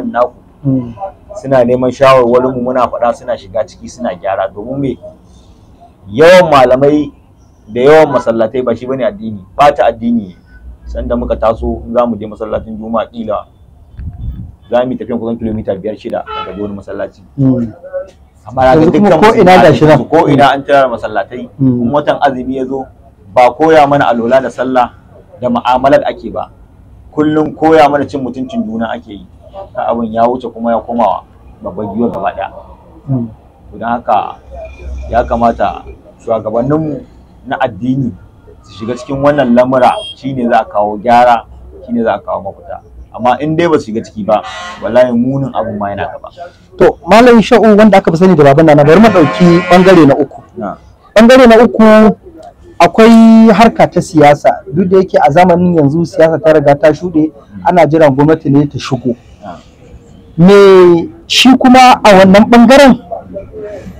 naku hmm. suna neman shawarwarinmu muna faɗa suna shiga ciki suna gyara domin me yawan malamai da yawan masallatai ba shi bane addini ba ta addini sanda muka taso za mu je masallacin juma'a kila za mu tafi kusan kilomita biyar shida daga wani masallaci hmm. amma ga dukkan ko ina da shi ko ina an tara masallatai kuma hmm. watan azumi ya zo ba koya mana alola da sallah da mu'amalar ake ba kullum koya mana cin mutuncin juna ake yi abin ya wuce kuma ya koma babban giwa gaba ɗaya hmm. don haka ya kamata shugabanninmu na addini su shiga cikin wannan lamura shine za a kawo gyara shine za a kawo mafita amma in dai ba su shiga ciki ba wallahi munin abu ma yana gaba to malam sha'u wanda aka fi sani da baban nana bari mu dauki bangare na uku bangare na uku akwai harka ta siyasa duk da yake a zamanin yanzu siyasa ta riga ta shuɗe ana jiran gwamnati ne ta shigo me shi kuma a wannan bangaren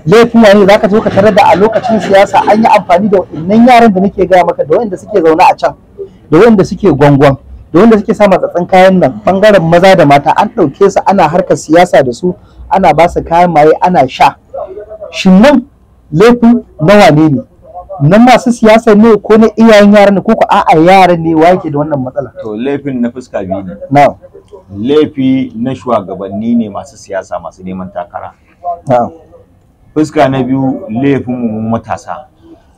laifin wani za ka zo ka tarar da a lokacin siyasa an yi amfani da waɗannan yaran da nake gaya maka da wanda suke zaune a can da waɗanda suke gwangwan da wanda suke sa matsatsan kayan nan bangaren maza da mata an ɗauke su ana harkar siyasa da su ana ba su kayan maye ana sha shin nan laifin nawa ne ne Nan masu siyasa ne ko na iyayen yaran ne? ko ko a'a yaran ne wa yake da wannan matsala to laifin na fuska biyu ne na'am laifi na shugabanni ne masu siyasa masu neman takara fuska na biyu laifin mu matasa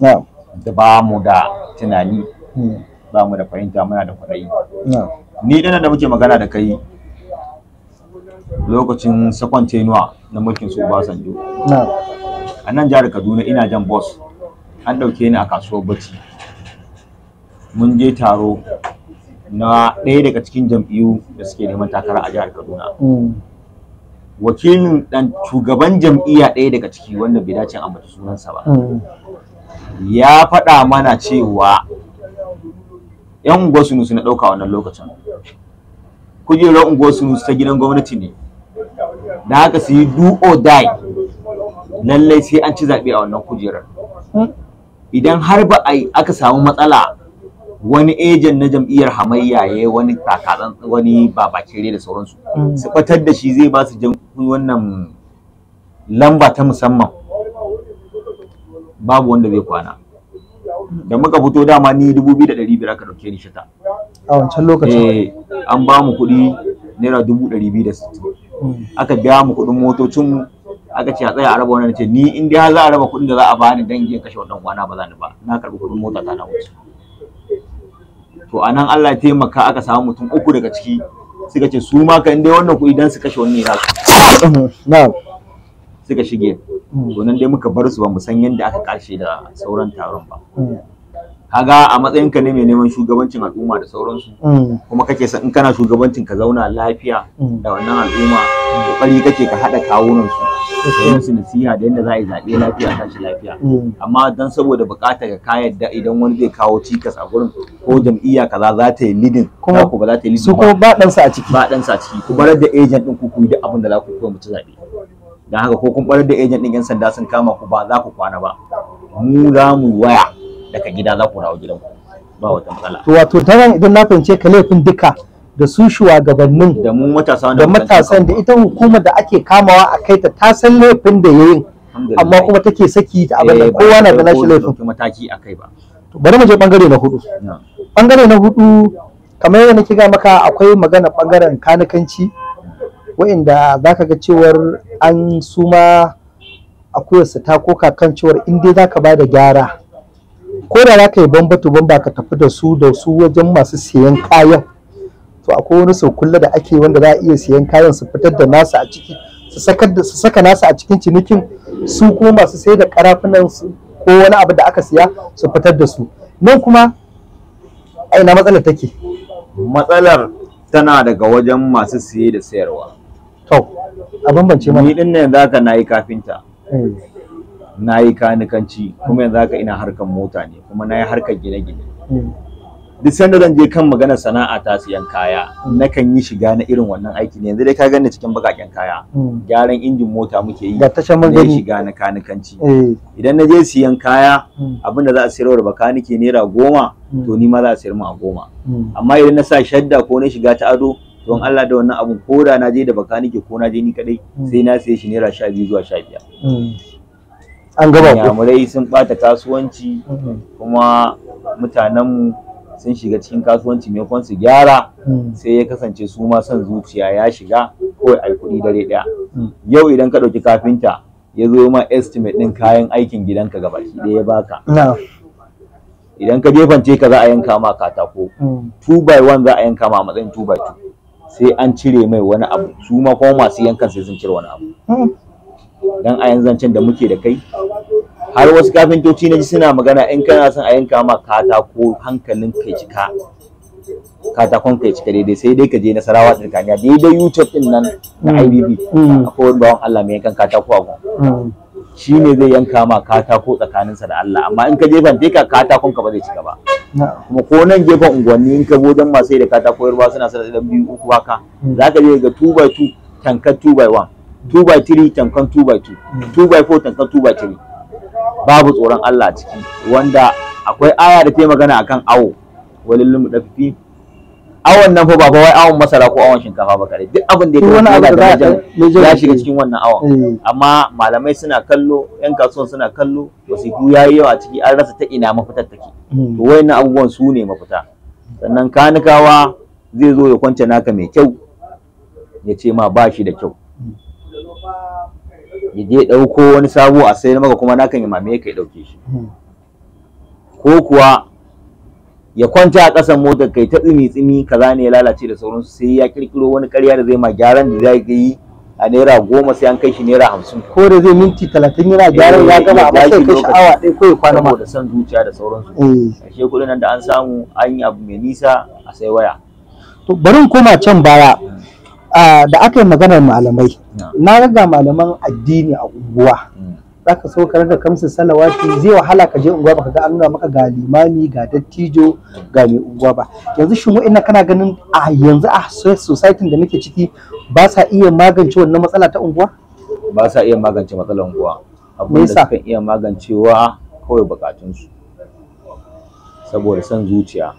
da ba mu da tunani hmm. ba mu da fahimta muna da kwaɗayi ni dana da muke magana da kai lokacin sakon tenuwa na mulkin su sanjo. A nan jihar Kaduna ina jan bos an ɗauke ni a kasuwar bacci. Mun je taro na ɗaya daga cikin jam'iyyu da suke neman takara a jihar Kaduna. Mm. Wakilin ɗan shugaban jam'iyya ɗaya daga ciki wanda bai dace a mace sunansa ba. Mm. Ya faɗa mana cewa ‘yan unguwar sunusu na ɗauka wannan lokacin. Kujerar unguwar sunusu ta gidan gwamnati ne. Da haka su yi do or die lallai sai an ci zaɓe a wannan kujerar. Mm. Idan har ba a aka samu matsala wani ejen na jam'iyyar hamayya ya yi wani takatsan wani rai da sauransu mm. su batar da shi zai ba su wannan lamba ta musamman babu wanda zai kwana da muka fito dama ni dubu biyu da ɗari biyar aka ɗauke ni shata a wancan lokacin eh, an ba mu kuɗi naira dubu ɗari biyu da sittin mm. aka biya mu kuɗin motocin. aka ce a tsaya a raba wannan ce ni in dai za a raba kuɗin da za a bani dangin kashe wannan kwana ba za ni ba na karɓi kuɗin mota ta na wuce to anan Allah ya taimaka aka samu mutum uku daga ciki suka ce su ma ka dai wannan kuɗi dan su kashe wannan ya na'am suka shige hmm. to nan dai muka bar su ba mu san yadda aka karshe da sauran taron ba hmm. kaga a matsayin ka ne mai neman shugabancin al'umma da sauransu hmm. kuma kake san in kana shugabancin ka zauna lafiya da wannan al'umma kokari kake ka hada kawunan su da su nasiha da yadda za a yi zaɓe lafiya tashi lafiya mm. amma don saboda buƙatar ka yadda idan wani zai kawo cikas a gurin ko jam'iyya kaza za ta yi lidin kuma ku ba za ta yi lidin ba ɗansa a ciki ba ɗansa a ciki ku barar da agent ɗin ku yi duk abin da za ku kuma mutu zaɓe dan haka ko kun barar da agent ɗin 'yan sanda sun kama ku ba za ku kwana ba mu za mu waya daga gida za ku rawo ku. ba wata matsala to wato ta idan na fahimce ka laifin duka da su shugabannin da matasan da ita hukumar da ake kamawa a kai ta ta san laifin da yayin amma kuma take saki ta abin da eh, kowa na da nashi laifin mataki a kai ba bari mu je bangare na hudu bangare na hudu kamar yadda nake ga maka akwai magana bangaren kanikanci wa'inda zaka ga cewar an suma su ta koka kan cewar in dai zaka ba da gyara ko da zaka yi bambatu bamba ka tafi da su da su wajen masu siyan kayan to akwai wani saukulla da ake wanda za a iya siyan kayan su fitar da nasu a ciki su saka nasu a cikin cinikin su kuma masu sai da karafunan su ko wani abu da aka siya su fitar da su nan kuma aina matsalar take matsalar tana daga wajen masu siye da sayarwa to abin bance mana ni din nan zaka nayi kafinta eh. na yi kanikanci kuma yanzu haka ina harkan mota ne kuma nayi yi harkar gine-gine eh. duk sanda zan je kan magana sana'a ta siyan kaya nakan yi shiga na irin wannan aiki ne yanzu dai ka gani cikin bakaken kaya hmm. gyaran injin mota muke yi da tashan mun shiga na kanikanci eh. idan na je siyan kaya hmm. abinda za a sayar da bakanike naira goma hmm. to ni ma za a sayar mu a goma amma idan na sa shadda ko na shiga ta ado don Allah da wannan abun ko da na je da bakanike ko na je ni kadai sai na saye shi naira sha biyu zuwa sha biyar an gaba ko sun bata kasuwanci kuma mutanen mu. sun shiga cikin kasuwanci kwan su gyara hmm. sai ya kasance su ma son zuciya ya shiga kawai ai kuɗi dare ɗaya hmm. yau idan ka ɗauki kafinta ya zo ma estimate ɗin kayan aikin gidanka gaba ɗaya baka idan ka jefance ka za a yanka ma katako 2 hmm. by 1 za a yanka ma matsayin 2 by 2 sai an cire mai wani abu su ma kuma masu yankan sai sun cire wani abu dan a yanzu can da muke da kai har wasu kafintoci na ji suna magana in kana son a yanka ma katako hankalin kai cika katakon kai cika daidai sai dai ka je nasarawa tsirkaniya daidai youtube din nan na mm. ibb mm. akwai wani bawan allah mai yankan katako a gun mm. shi ne zai yanka ma katako tsakaninsa da allah amma in ka jefan teka katakon ka ba zai cika ba kuma ko nan gefen unguwanni in ka bojan ma sai da katako yarba suna sarrafa da biyu uku haka za ka je ga 2 by 2 tankar 2 by 1 2 by 3 tankan 2 by 2 2 by 4 tankan 2 by 3 babu tsoron Allah ciki wanda akwai aya da ke magana akan awo walil mudaffi awon nan fa ba fa wai awon masara ko awon shinkafa ba kare duk abin da ya wani abu da ya shiga cikin wannan awon eh. amma malamai suna kallo yan kasuwan suna kallo wasiku yayi yawa a ciki an rasa ta ina mafitar take hmm. to wayannan abubuwan su ne mafita sannan kanikawa zai zo ya kwance naka mai kyau ya ce ma ba shi da kyau hmm. ya je ɗauko wani sabo a sayar maka kuma nakan ya mamaye ka ya ɗauke shi hmm. ko kuwa ya kwanta a ƙasan motar kai ta tsimi tsimi kaza ne ya lalace da sauransu sai ya kirkiro wani ƙarya da zai ma gyaran da zai yi a naira goma sai an kai shi naira hamsin ko da zai minti talatin yana eh, gyaran ya gama a sai kai awa ɗaya ko ya kwana ma da son zuciya da sauransu eh. ashe kuɗin nan da an samu an yi abu mai nisa a sai waya to bari koma can baya Ah, da aka yi maganar malamai na raga malaman addini a unguwa mm. zaka so ka raga kamsa salawati zai wahala ka je unguwa baka ga an nuna maka ga limami ga dattijo ga mai unguwa ba yanzu shin wa'ina kana ganin a yanzu a society da muke ciki ba sa iya magance wannan matsala ta unguwa ba sa iya magance matsalar unguwa abin da suka iya magancewa kawai bukatunsu saboda son zuciya